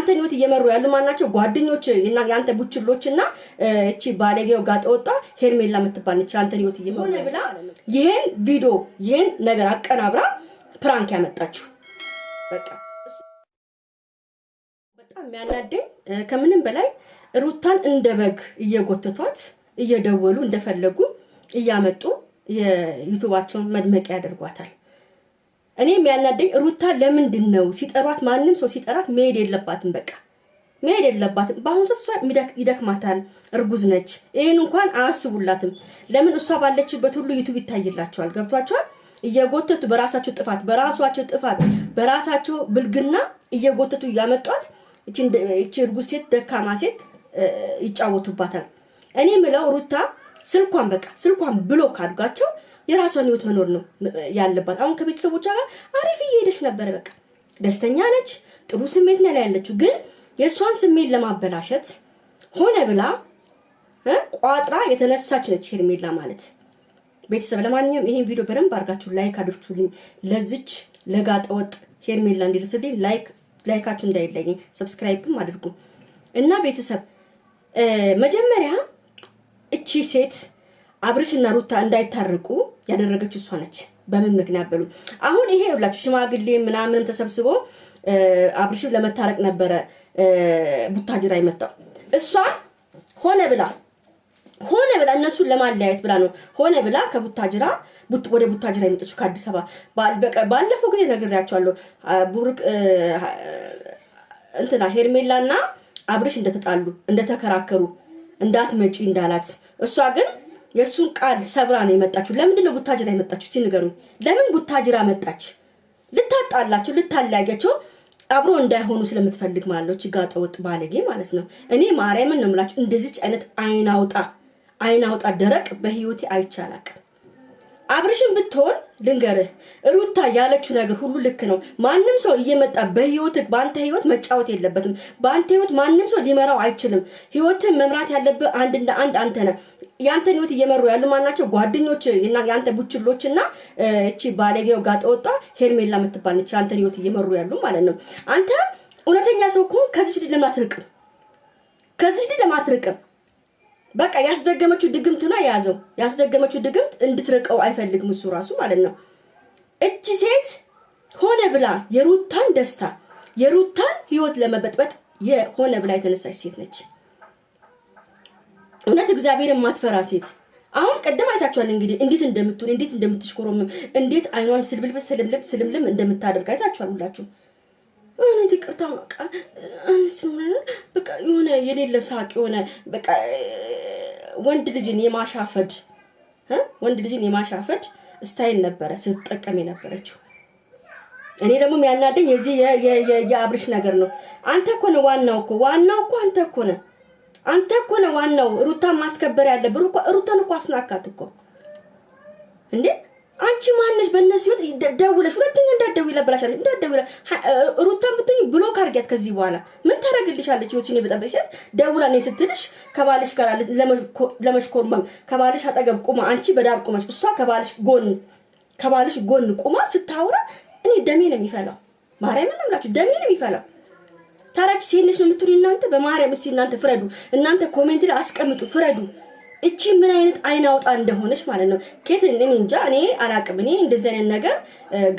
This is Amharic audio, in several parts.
የአንተን ህይወት እየመሩ ያሉ ማናቸው? ጓደኞች የአንተ ቡችሎችና እቺ ባለጌው ጋጠ ወጣ ሄርሜላ የምትባል የአንተን ህይወት እየመሩ ብላ ይህን ቪዲዮ ይህን ነገር አቀናብራ ፕራንክ ያመጣችሁ በቃ በጣም የሚያናደኝ ከምንም በላይ ሩታን እንደ በግ እየጎተቷት እየደወሉ እንደፈለጉ እያመጡ የዩቱባቸውን መድመቂያ ያደርጓታል። እኔ የሚያናደኝ ሩታ ለምንድን ነው ሲጠሯት፣ ማንም ሰው ሲጠራት መሄድ የለባትም በቃ መሄድ የለባትም። በአሁኑ ሰት እሷ ይደክማታል፣ እርጉዝ ነች። ይህን እንኳን አያስቡላትም። ለምን እሷ ባለችበት ሁሉ ዩቱብ ይታይላቸዋል። ገብቷቸዋል። እየጎተቱ በራሳቸው ጥፋት በራሷቸው ጥፋት በራሳቸው ብልግና እየጎተቱ እያመጧት እቺ እርጉዝ ሴት ደካማ ሴት ይጫወቱባታል። እኔ ምለው ሩታ ስልኳን በቃ ስልኳን ብሎክ አድርጓቸው የራሷን ህይወት መኖር ነው ያለባት። አሁን ከቤተሰቦቿ ጋር አሪፍ እየሄደች ነበረ። በቃ ደስተኛ ነች፣ ጥሩ ስሜት ነው ያለችው። ግን የእሷን ስሜት ለማበላሸት ሆነ ብላ ቋጥራ የተነሳች ነች ሄርሜላ ማለት ቤተሰብ። ለማንኛውም ይሄን ቪዲዮ በደንብ አድርጋችሁ ላይክ አድርጉልኝ። ለዚች ለጋጠወጥ ሄርሜላ እንዲደርስልኝ ላይክ ላይካችሁ እንዳይለኝ ሰብስክራይብም አድርጉ እና ቤተሰብ መጀመሪያ እቺ ሴት አብርሽና ሩታ እንዳይታረቁ ያደረገች እሷ ነች። በምን ምክንያት በሉ አሁን ይሄ ሁላችሁ ሽማግሌ ምናምንም ተሰብስቦ አብርሽም ለመታረቅ ነበረ ቡታጅራ የመጣው እሷ ሆነ ብላ ሆነ ብላ እነሱን ለማለያየት ብላ ነው። ሆነ ብላ ከቡታጅራ ወደ ቡታጅራ የመጣችው ከአዲስ አበባ። ባለፈው ጊዜ ነግሬያቸዋለሁ። ቡርቅ እንትና ሄርሜላና አብርሽ እንደተጣሉ እንደተከራከሩ እንዳትመጪ እንዳላት እሷ ግን የእሱን ቃል ሰብራ ነው የመጣችሁ። ለምንድን ነው ቡታጅራ የመጣችሁ? እስኪ ንገሩኝ። ለምን ቡታጅራ መጣች? ልታጣላቸው፣ ልታለያያቸው አብሮ እንዳይሆኑ ስለምትፈልግ ማለት ነው። ችጋጠ ወጥ ባለጌ ማለት ነው። እኔ ማርያምን ነው የምላችሁ። እንደዚች አይነት አይናውጣ አይናውጣ ደረቅ በህይወቴ አይቻላቅም። አብርሽን ብትሆን ልንገርህ፣ ሩታ ያለችው ነገር ሁሉ ልክ ነው። ማንም ሰው እየመጣ በህይወት በአንተ ህይወት መጫወት የለበትም። በአንተ ህይወት ማንም ሰው ሊመራው አይችልም። ህይወትን መምራት ያለብህ አንድ እንደ አንድ አንተ ነህ። ያንተን ህይወት እየመሩ ያሉ ማናቸው? ጓደኞች፣ የአንተ ቡችሎች እና እቺ ባለጌው ተወጣ ሄርሜላ የምትባል ነች። ያንተን ህይወት እየመሩ ያሉ ማለት ነው። አንተ እውነተኛ ሰው ከሆን ከዚች ልጅ ለማትርቅም ከዚች ልጅ ለማትርቅም በቃ ያስደገመችው ድግምት ነው የያዘው። ያስደገመችው ድግምት እንድትርቀው አይፈልግም እሱ ራሱ ማለት ነው። እቺ ሴት ሆነ ብላ የሩታን ደስታ የሩታን ህይወት ለመበጥበጥ የሆነ ብላ የተነሳች ሴት ነች። እውነት እግዚአብሔር የማትፈራ ሴት። አሁን ቀደም አይታችኋል እንግዲህ እንዴት እንደምትሆን እንዴት እንደምትሽኮረምም እንዴት አይኗን ስልብልብ ስልምልብ ስልምልም እንደምታደርግ አይታችኋል ሁላችሁ። እውነት ይቅርታ በቃ የሆነ የሌለ ሳቅ የሆነ በቃ ወንድ ልጅን የማሻፈድ ወንድ ልጅን የማሻፈድ ስታይል ነበረ ስትጠቀም የነበረችው። እኔ ደግሞ የሚያናደኝ የዚህ የአብርሽ ነገር ነው። አንተ እኮ ነህ ዋናው እኮ ዋናው እኮ አንተ እኮ ነህ አንተ እኮ ነህ ዋናው። ሩታን ማስከበር ያለብህ ሩታን እኮ አስናካት እኮ እንዴ! አንቺ ማነሽ? በእነሱ ደውለሽ ሁለተኛ እንዳትደውይ ይለብላሻል። እንዳትደውይ ሩታን ብትሆኚ ብሎክ አድርጊያት ከዚህ በኋላ ምን ትልቅሻለች ህይወትሽን የበጠበቅሻት ደውላ ነኝ ስትልሽ ከባልሽ ጋር ለመሽኮርመም ከባልሽ አጠገብ ቁማ አንቺ በዳር ቁመሽ እሷ ከባልሽ ጎን ከባልሽ ጎን ቁማ ስታወራ እኔ ደሜ ነው የሚፈላው። ማርያም ነው ብላችሁ ደሜ ነው የሚፈላው። ታራች ሴነች ነው የምትሉ እናንተ በማርያም እስቲ እናንተ ፍረዱ። እናንተ ኮሜንት ላይ አስቀምጡ፣ ፍረዱ። እቺ ምን አይነት አይን አውጣ እንደሆነች ማለት ነው። ኬት እኔ እንጃ እኔ አላቅም። እኔ እንደዚህ አይነት ነገር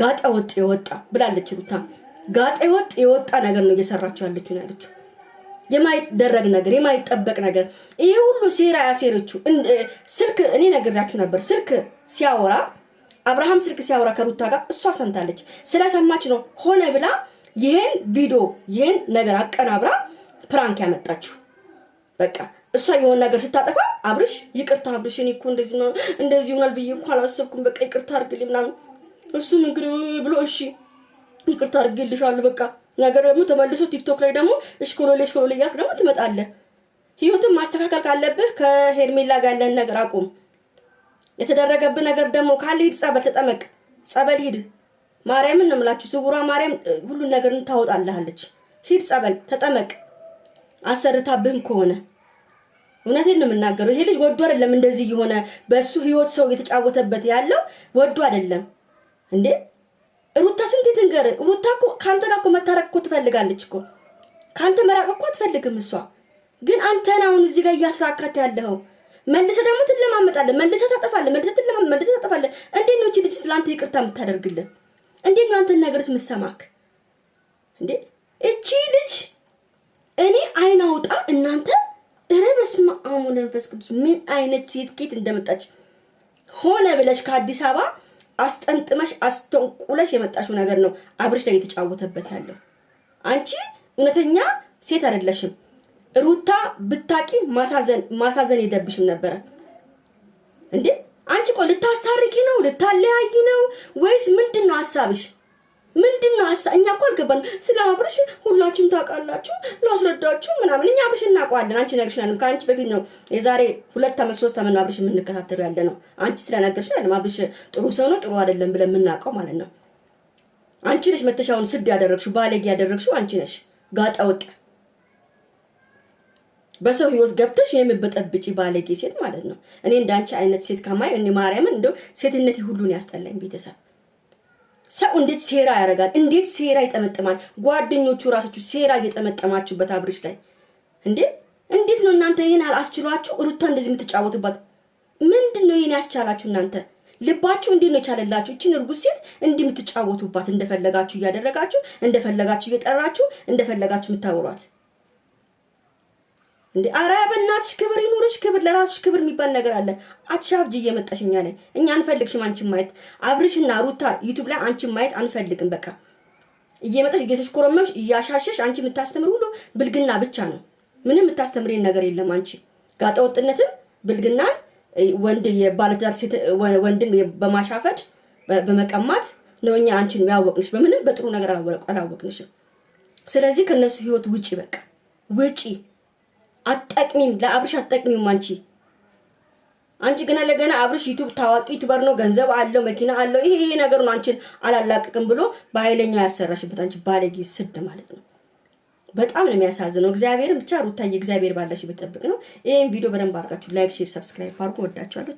ጋጠ ወጥ የወጣ ብላለች ብታ ጋጠ ወጥ የወጣ ነገር ነው እየሰራችሁ ያለችሁ ነው ያለችው። የማይደረግ ነገር የማይጠበቅ ነገር ይህ ሁሉ ሴራ ያሴረችው ስልክ እኔ ነግራችሁ ነበር። ስልክ ሲያወራ አብርሃም ስልክ ሲያወራ ከሩታ ጋር እሷ ሰምታለች። ስለሰማች ነው ሆነ ብላ ይሄን ቪዲዮ ይሄን ነገር አቀናብራ ፕራንክ ያመጣችሁ። በቃ እሷ የሆን ነገር ስታጠፋ አብርሽ ይቅርታ አብርሽ፣ እኔ እኮ እንደዚህ ነው እንደዚህ ይሆናል ብዬ እኮ አላሰብኩም፣ በቃ ይቅርታ አርግልኝ ምናምን እሱም እንግዲህ ብሎ እሺ ይቅርታ አድርግልሻለሁ በቃ ነገር ደግሞ ተመልሶ ቲክቶክ ላይ ደግሞ እሽኮሎሌ እሽኮሎሌ እያልክ ደግሞ ትመጣለህ። ህይወትን ማስተካከል ካለብህ ከሄርሜላ ጋር ያለን ነገር አቁም። የተደረገብህ ነገር ደግሞ ካለ ሂድ ጸበል ተጠመቅ፣ ጸበል ሂድ። ማርያምን ነው የምላችሁ። ስውሯ ማርያም ሁሉን ነገር ታወጣልሃለች። ሂድ ጸበል ተጠመቅ። አሰርታብህም ከሆነ እውነቴን ነው የምናገረው። ይሄ ልጅ ወዶ አይደለም እንደዚህ የሆነ በእሱ ህይወት ሰው እየተጫወተበት ያለው ወዶ አይደለም እንዴ ሩታ ስንት ትንገር? ሩታ እኮ ከአንተ ጋር እኮ መታረቅ እኮ ትፈልጋለች እኮ ከአንተ መራቅ እኮ አትፈልግም እሷ። ግን አንተን አሁን እዚህ ጋር እያስራካት ያለኸው መልሰ ደግሞ ትለማመጣለህ፣ መልሰ ታጠፋለህ፣ መልሰ ትለማመ መልሰ ታጠፋለህ። እንዴት ነው እቺ ልጅ ስለአንተ ይቅርታ የምታደርግልህ? እንዴት ነው አንተን ነገርስ የምትሰማክ እንዴ? እቺ ልጅ እኔ አይን አውጣ እናንተ። ኧረ በስመ አብ ቅዱስ ምን አይነት ሴት ኬት እንደመጣች ሆነ ብለሽ ከአዲስ አበባ አስጠንጥመሽ አስተንቁለሽ የመጣሽው ነገር ነው አብርሽ ላይ የተጫወተበት ያለው። አንቺ እውነተኛ ሴት አይደለሽም። ሩታ ብታቂ ማሳዘን የለብሽም ነበረ እንዴ! አንቺ ቆይ ልታስታርቂ ነው ልታለያይ ነው ወይስ ምንድን ነው ሀሳብሽ? ምንድን ነው ሀሳብ? እኛ እኮ አልገባን። ስለ አብርሽ ሁላችሁም ታውቃላችሁ፣ ላስረዳችሁ ምናምን። እኛ አብርሽ እናውቀዋለን፣ አንቺ ነግርሽናል። ከአንቺ በፊት ነው የዛሬ ሁለት ዓመት ሶስት ዓመት ነው አብርሽ የምንከታተሉ ያለ ነው። አንቺ ስለነገርሽን አይደለም አብርሽ ጥሩ ሰው ነው ጥሩ አይደለም ብለን የምናውቀው ማለት ነው። አንቺ ነሽ መተሻውን ስድ ያደረግሽው፣ ባለጌ ያደረግሽው አንቺ ነሽ። ጋጣ በሰው ህይወት ገብተሽ የምበጠብጪ ባለጌ ሴት ማለት ነው። እኔ እንዳንቺ አይነት ሴት ከማይ እኔ ማርያምን እንደው ሴትነቴ ሁሉን ያስጠላኝ ቤተሰብ ሰው እንዴት ሴራ ያደርጋል? እንዴት ሴራ ይጠመጥማል? ጓደኞቹ ራሳችሁ ሴራ እየጠመጠማችሁበት አብርሽ ላይ እንዴ! እንዴት ነው እናንተ ይህን አስችሏችሁ ሩታ እንደዚህ የምትጫወቱባት? ምንድን ነው ይህን ያስቻላችሁ እናንተ? ልባችሁ እንዴት ነው የቻለላችሁ? እችን እርጉዝ ሴት እንዲህ የምትጫወቱባት እንደፈለጋችሁ እያደረጋችሁ እንደፈለጋችሁ እየጠራችሁ እንደፈለጋችሁ የምታወሯት እንዴ አረ በእናትሽ ክብር ይኑርሽ፣ ክብር ለራስሽ ክብር የሚባል ነገር አለ። አትሻፍጂ እየመጣሽኛ ላይ እኛ አንፈልግሽም አንቺን ማየት። አብርሽና ሩታ ዩቱብ ላይ አንቺን ማየት አንፈልግም። በቃ እየመጣሽ ጌሶች ኮረመምሽ እያሻሸሽ አንቺ የምታስተምር ሁሉ ብልግና ብቻ ነው። ምንም የምታስተምሬን ነገር የለም። አንቺ ጋጠወጥነትም ብልግናን ወንድ የባለትዳር ሴት ወንድን በማሻፈድ በመቀማት ነው እኛ አንቺን ያወቅንሽ። በምንም በጥሩ ነገር አላወቅንሽም። ስለዚህ ከነሱ ህይወት ውጪ፣ በቃ ውጪ። አትጠቅሚም፣ ለአብርሽ አትጠቅሚም። አንቺ አንቺ ገና ለገና አብርሽ ዩቱብ ታዋቂ ዩቱበር ነው፣ ገንዘብ አለው፣ መኪና አለው፣ ይሄ ይሄ ነገር ነው አንቺን አላላቅቅም ብሎ በኃይለኛ ያሰራሽበት አንቺ ባለጌ ስድ ማለት ነው። በጣም ነው የሚያሳዝነው። እግዚአብሔርን ብቻ ሩታዬ፣ እግዚአብሔር ባለሽ በጠብቅ ነው። ይሄን ቪዲዮ በደንብ አድርጋችሁ ላይክ፣ ሼር፣ ሰብስክራይብ አድርጉ። ወዳችኋለሁ።